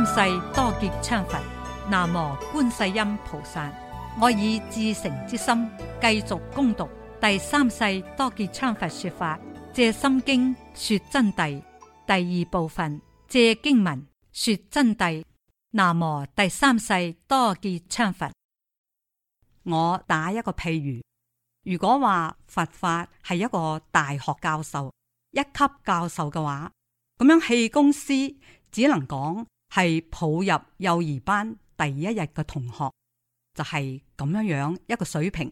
三世多杰羌佛，南無觀世音菩薩。我以至誠之心繼續攻讀第三世多杰羌佛說法，藉心經說真諦第二部分，藉經文說真諦。南無第三世多杰羌佛。我打一個譬如：如果話佛法係一個大學教授一級教授嘅話，咁樣氣功師只能講。係抱入幼兒班第一日嘅同學，就係咁樣樣一個水平，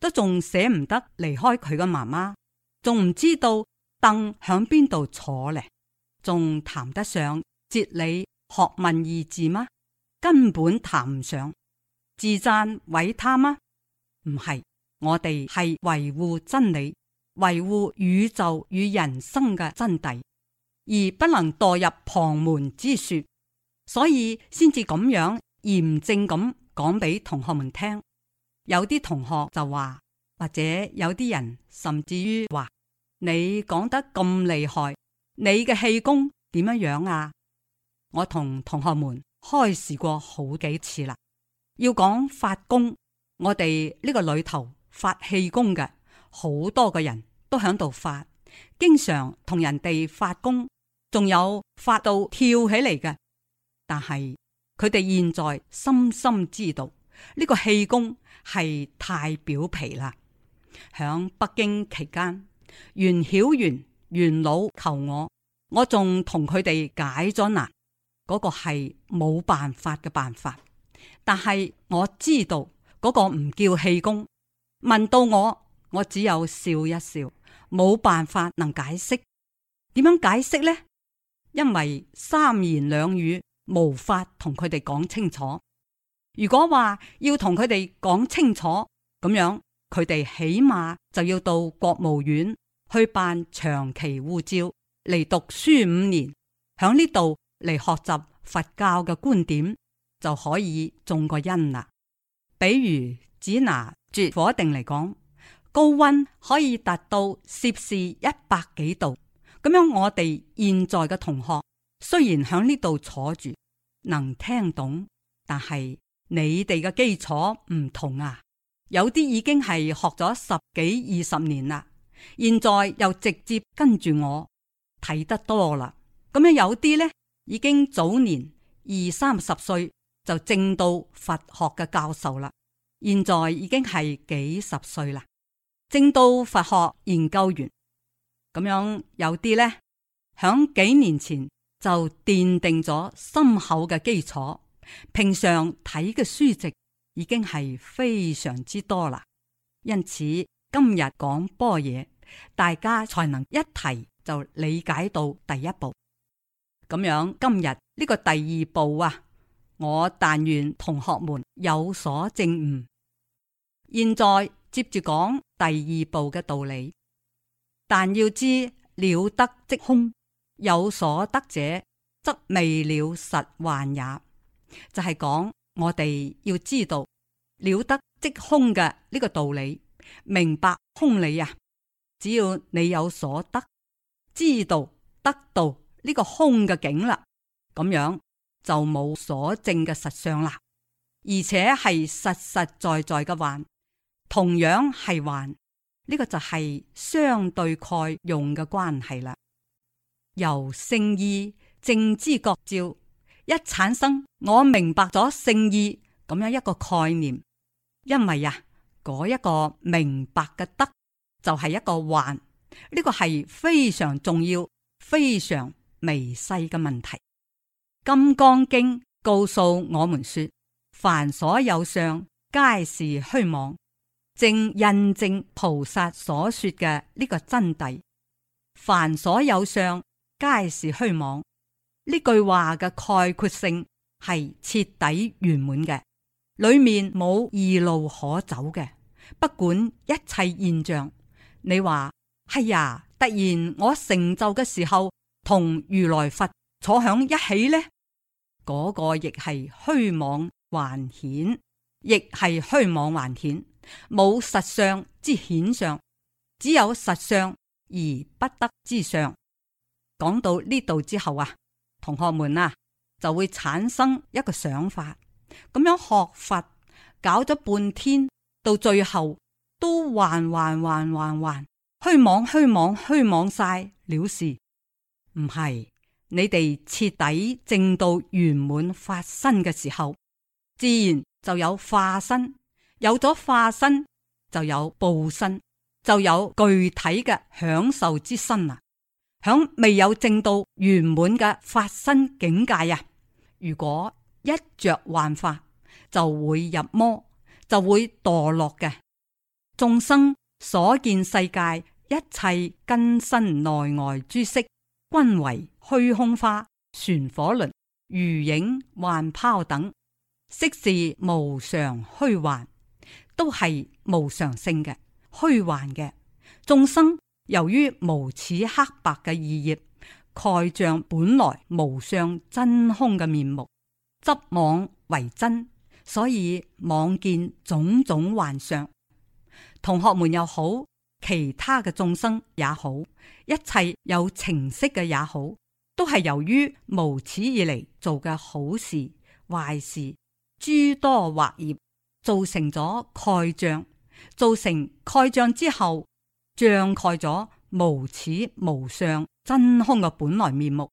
都仲捨唔得離開佢嘅媽媽，仲唔知道凳響邊度坐呢？仲談得上哲理學問二字嗎？根本談唔上自贊毀他嗎？唔係，我哋係維護真理、維護宇宙與人生嘅真諦，而不能墮入旁門之說。所以先至咁樣嚴正咁講俾同學們聽，有啲同學就話，或者有啲人甚至於話，你講得咁厲害，你嘅氣功點樣樣啊？我同同學們開示過好幾次啦，要講發功，我哋呢個裏頭發氣功嘅好多個人都喺度發，經常同人哋發功，仲有發到跳起嚟嘅。但係佢哋現在深深知道呢個氣功係太表皮啦。響北京期間，袁曉元、袁老求我，我仲同佢哋解咗難。嗰個係冇辦法嘅辦法。但係我知道嗰個唔叫氣功。問到我，我只有笑一笑，冇辦法能解釋。點樣解釋呢？因為三言兩語。無法同佢哋講清楚。如果話要同佢哋講清楚咁樣，佢哋起碼就要到國務院去辦長期護照嚟讀書五年，喺呢度嚟學習佛教嘅觀點就可以中個因啦。比如只拿絕火定嚟講，高溫可以達到攝氏一百幾度，咁樣我哋現在嘅同學。雖然喺呢度坐住能聽懂，但係你哋嘅基礎唔同啊。有啲已經係學咗十幾二十年啦，現在又直接跟住我睇得多啦。咁樣有啲呢已經早年二三十歲就正到佛學嘅教授啦，現在已經係幾十歲啦，正到佛學研究員。咁樣有啲呢，響幾年前。就奠定咗深厚嘅基礎，平常睇嘅書籍已經係非常之多啦，因此今日講般若，大家才能一提就理解到第一步。咁樣今日呢、這個第二步啊，我但願同學們有所證悟。現在接住講第二步嘅道理，但要知了得即空。有所得者，則未了實幻也，就係、是、講我哋要知道了得即空嘅呢個道理，明白空理啊。只要你有所得，知道得到呢個空嘅境啦，咁樣就冇所證嘅實相啦，而且係實實在在嘅幻，同樣係幻，呢、這個就係相對概用嘅關係啦。由聖意正知覺照一產生，我明白咗聖意咁樣一個概念，因為呀、啊，嗰一個明白嘅德就係一個幻，呢、這個係非常重要、非常微細嘅問題。金剛經告訴我們說，凡所有相，皆是虛妄，正印證菩薩所說嘅呢個真諦。凡所有相。皆是虛妄，呢句話嘅概括性係徹底圓滿嘅，裏面冇二路可走嘅。不管一切現象，你話係呀，突然我成就嘅時候，同如來佛坐響一起呢，嗰、那個亦係虛妄幻顯，亦係虛妄幻顯，冇實相之顯相，只有實相而不得之相。講到呢度之後啊，同學們啊就會產生一個想法，咁樣學佛搞咗半天，到最後都還還還還還虛妄虛妄虛妄晒了事。唔係你哋徹底正到圓滿法身嘅時候，自然就有化身，有咗化身就有報身，就有具體嘅享受之身啊。響未有證到圓滿嘅法身境界啊！如果一着幻法，就會入魔，就會墮落嘅眾生所見世界一切根身內外諸色，均為虛空花、旋火輪、如影幻泡等，即是無常虛幻，都係無常性嘅虛幻嘅眾生。由於無始黑白嘅意業蓋障本來無相真空嘅面目執妄為真，所以妄見種種幻象。同學們又好，其他嘅眾生也好，一切有情色嘅也好，都係由於無始以嚟做嘅好事壞事諸多惑業，造成咗蓋障。造成蓋障之後。障蓋咗無始無相真空嘅本來面目，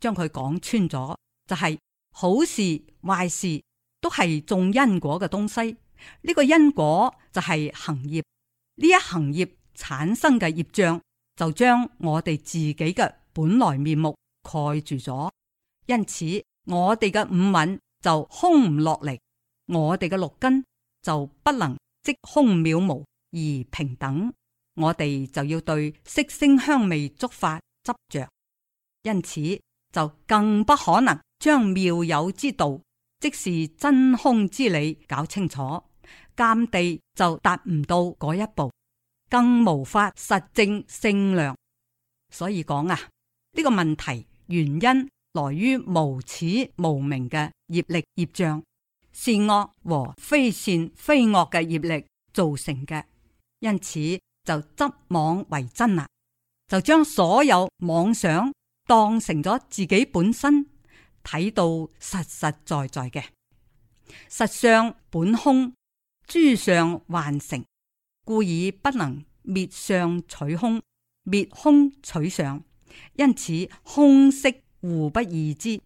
將佢講穿咗，就係、是、好事壞事都係種因果嘅東西。呢、這個因果就係行業，呢一行業產生嘅業障，就將我哋自己嘅本來面目蓋住咗。因此我，我哋嘅五蘊就空唔落嚟，我哋嘅六根就不能即空渺無而平等。我哋就要對色聲香味觸法執着，因此就更不可能將妙有之道，即是真空之理搞清楚，鑑地就達唔到嗰一步，更無法實證聖量。所以講啊，呢、這個問題原因來於無始無明嘅業力業障、善惡和非善非惡嘅業力造成嘅，因此。就執妄為真啦，就將所有妄想當成咗自己本身睇到實實在在嘅實相本空，諸相幻成，故以不能滅相取空，滅空取相，因此空色互不異之。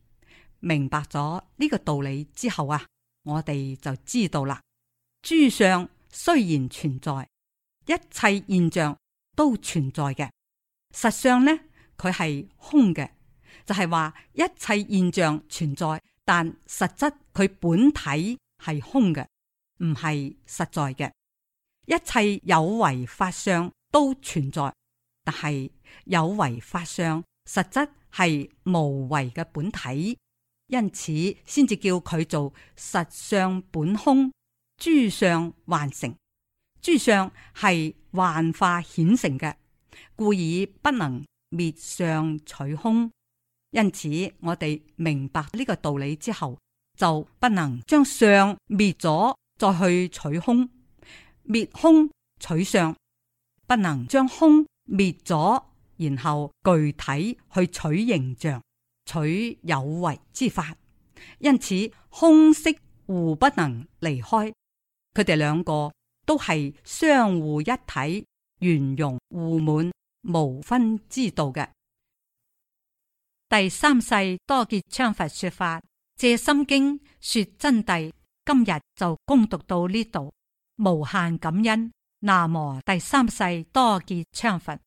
明白咗呢個道理之後啊，我哋就知道啦，諸相雖然存在。一切現象都存在嘅。實相呢，佢係空嘅，就係話一切現象存在，但實質佢本體係空嘅，唔係實在嘅。一切有為法相都存在，但係有為法相實質係無為嘅本體，因此先至叫佢做實相本空，諸相幻成。諸相係幻化顯成嘅，故而不能滅相取空。因此，我哋明白呢個道理之後，就不能將相滅咗再去取空，滅空取相；不能將空滅咗，然後具體去取形象，取有為之法。因此，空色互不能離開，佢哋兩個。都係相互一體、圓融互滿、無分之道嘅。第三世多杰羌佛說法《藉心經》說真諦，今日就恭讀到呢度，無限感恩。南無第三世多杰羌佛。